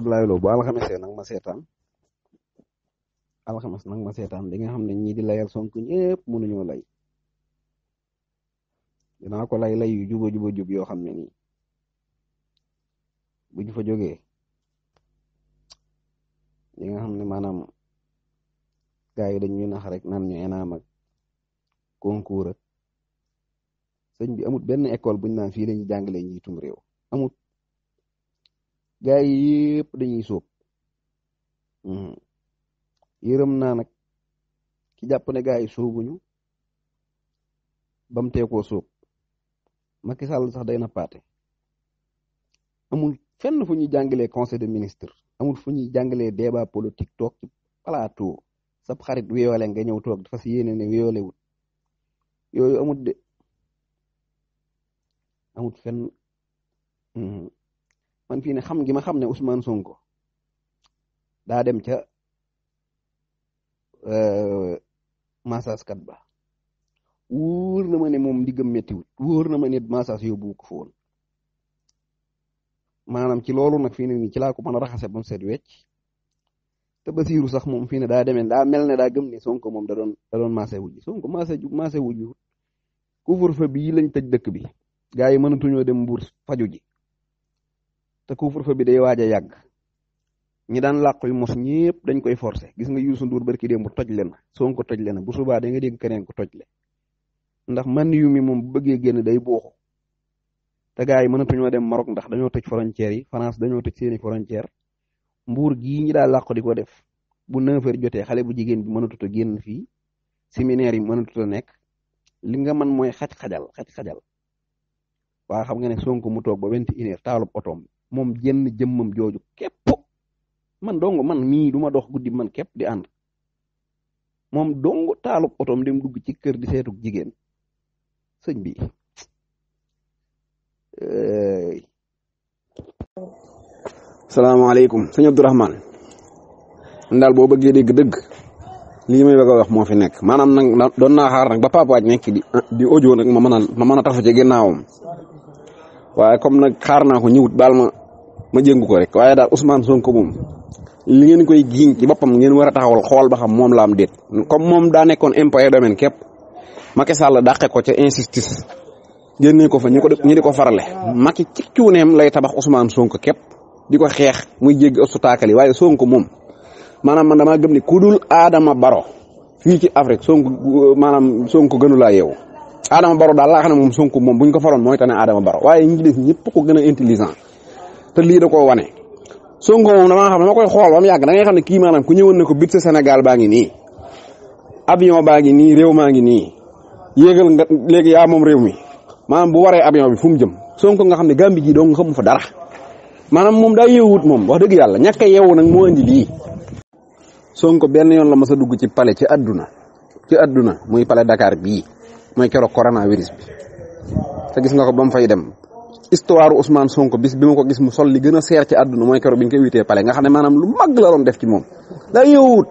Ablaye Lo bu alxames nag ma seetaan alxames nag nga xam ne ñii di layal Sonko ñëpp mënuñoo lay dinaa ko lay lay yu juba juba yoo xam ne nii bu ñu fa jógee ñi xam ne maanaam gars yi dañ ñuy nax rek concours ak bi amut benn école buñ naan fii lañuy jàngalee njiitum réew amut gaa yi yëpp dañuy sóob hmm. yërëm naa nag ki jàpp ne gaa yi sóobuñu bam teekoo sóob Macky sax day na paate amul fenn fu ñuy jàngalee conseil de ministre amul fu ñuy jàngalee débat politique toog ci plateau sab xarit wéyoole nga ñëw toog dafa si yéene ne wéyoole wut amut de amut fenn hmm. man fii ne xam gi ma xam ne Ousmane Sonko daa dem ca euh, massage kat ba wóor na ma ne moom ndiggam méttiwut wóor na ma ne massage yóbbu ko fa woon ci loolu nag fii ne nii ci laa ko mën a raxase ba mu seet wecc te Basiiru sax moom fii ne daa deme daa mel ne daa gëm ne Sonko moom da doon da doon maase wujj Sonko maase maase wujj couvre-feu lañ tëj dëkk bi gaa yi mënatuñoo dem mbuur faju ji te couvre-feu bi day waaj a yàgg ñi daan làqu yu mos ñëpp dañ koy forcé gis nga Youssou Ndour barki démb toj le na toj le na bu subaa da nga dégg keneen ko toj le ndax man yu mi moom bu bëggee génn day booxu te gars yi mënatuñoo dem Maroc ndax dañoo toj frontières yi France dañoo toj seeni frontière mbuur gii ñi daal làqu di ko def bu neuf heures jotee xale bu jigéen bi mënatut to génn fii séminaire yi mënatut a nekk li nga mën mooy xaj-xajal xaj-xajal waa xam nga ne Sonko mu toog ba vingt et une heures taalub otoom moom jenn jëmmam jooju képp man dong man mii du ma dox guddi man képp di ànd moom dong taalub otoom dem dugg ci kër di seetuk jigéen sëñ bi salaamaaleykum sëñ Abdourahman man daal boo bëggee dégg dëgg lii may bëgg a wax moo fi nekk maanaam nag doon naa xaar nag ba papaaj nekk di ah, di audio ma mën a ma mën a tafu ci ginnaawam waaye comme nag xaar naa ko ñëwut ma ma jëngu ko rek waaye daal Ousmane Sonko moom li ngeen koy giiñ ci boppam ngeen war a taxawal xool ba xam moom la am déet comme moom daa nekkoon impôt et domaine képp Macky Sall dàqe ko ca injustice génne ko fa ñu ko ñu di ko farale Macky ci cuuneem lay tabax Ousmane sonk képp di ko xeex muy jéggi obstacle yi waaye sonk moom maanaam man damaa gëm ni ku dul Adama Baro fii ci Afrique sonk maanaam Sonko gënu laa yeewu Adama Baro daal laa xam ne moom Sonko moom buñ ko faroon mooy tane Adama Baro waaye ñi def ko gën a intelligent te lii da ko wane Sonko moom damaa xam ne ma koy xool yàgg da xam ne kii maanaam ku ñëwoon ne ko budget Sénégal baa ngi nii avion baa ngi nii réew maa ngi nii yéegal nga léegi yaa moom réew mi maanaam bu waree avion bi fu mu jëm Sonko nga xam ne Gàmbi doo dong xamu fa dara maanaam moom daa yeewut moom wax dëgg yàlla ñàkk a yeewu nag moo indi lii. Sonko benn yoon la mas a dugg ci pale ci àdduna ci àdduna muy palais Dakar bii mooy keroog coronavirus bi te gis nga ko ba mu fay dem histoire Ousmane Sonko bis bi ma ko gis mu sol li gën a seer ci àdduna mooy keroog bi ñu koy witee pale nga xam ne maanaam lu mag la doon def ci moom daa ñëwut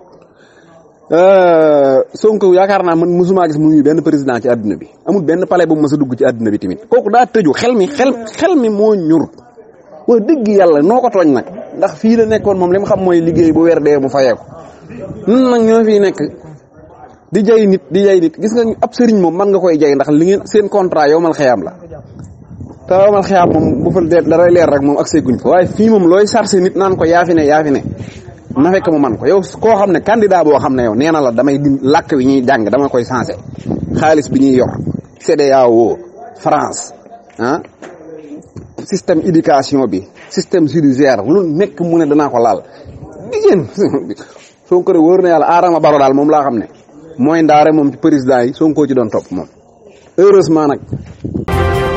euh, Sonko naa man mosumaa gis mu benn président ci àdduna amul benn pale bu mës a dugg ci àdduna bi tamit kooku daa tëju xel mi xel xel mi moo ñur wax dëgg yàlla noo ko tooñ nag ndax fii la nekkoon moom li mu xam mooy liggéey bu weer dee mu fayeeku nun nag ñoo fii nekk di jay nit di jay nit gis nga ab sëriñ moom man nga koy jay ndax li seen contrat yow mal xëyaam la te yowmal xiyaam moom bu fa daray leer rek moom ak see guñ fa waaye fii moom looy chargé nit naan ko yaa fi ne yaa fi ne na fekk mu man ko yow koo xam ne candidat boo xam ne yow nee la damay dim làkk wi ñuy jàng dama koy sensé xaalis bi ñuy yor CEDEAO France ah système bi système judiciaire lu nekk danaa ko laal digéen de wóor na yàlla aarama baro daal moom laa xam ne mooy ndaare moom président yi Sonko ci doon topp moom heureusement nag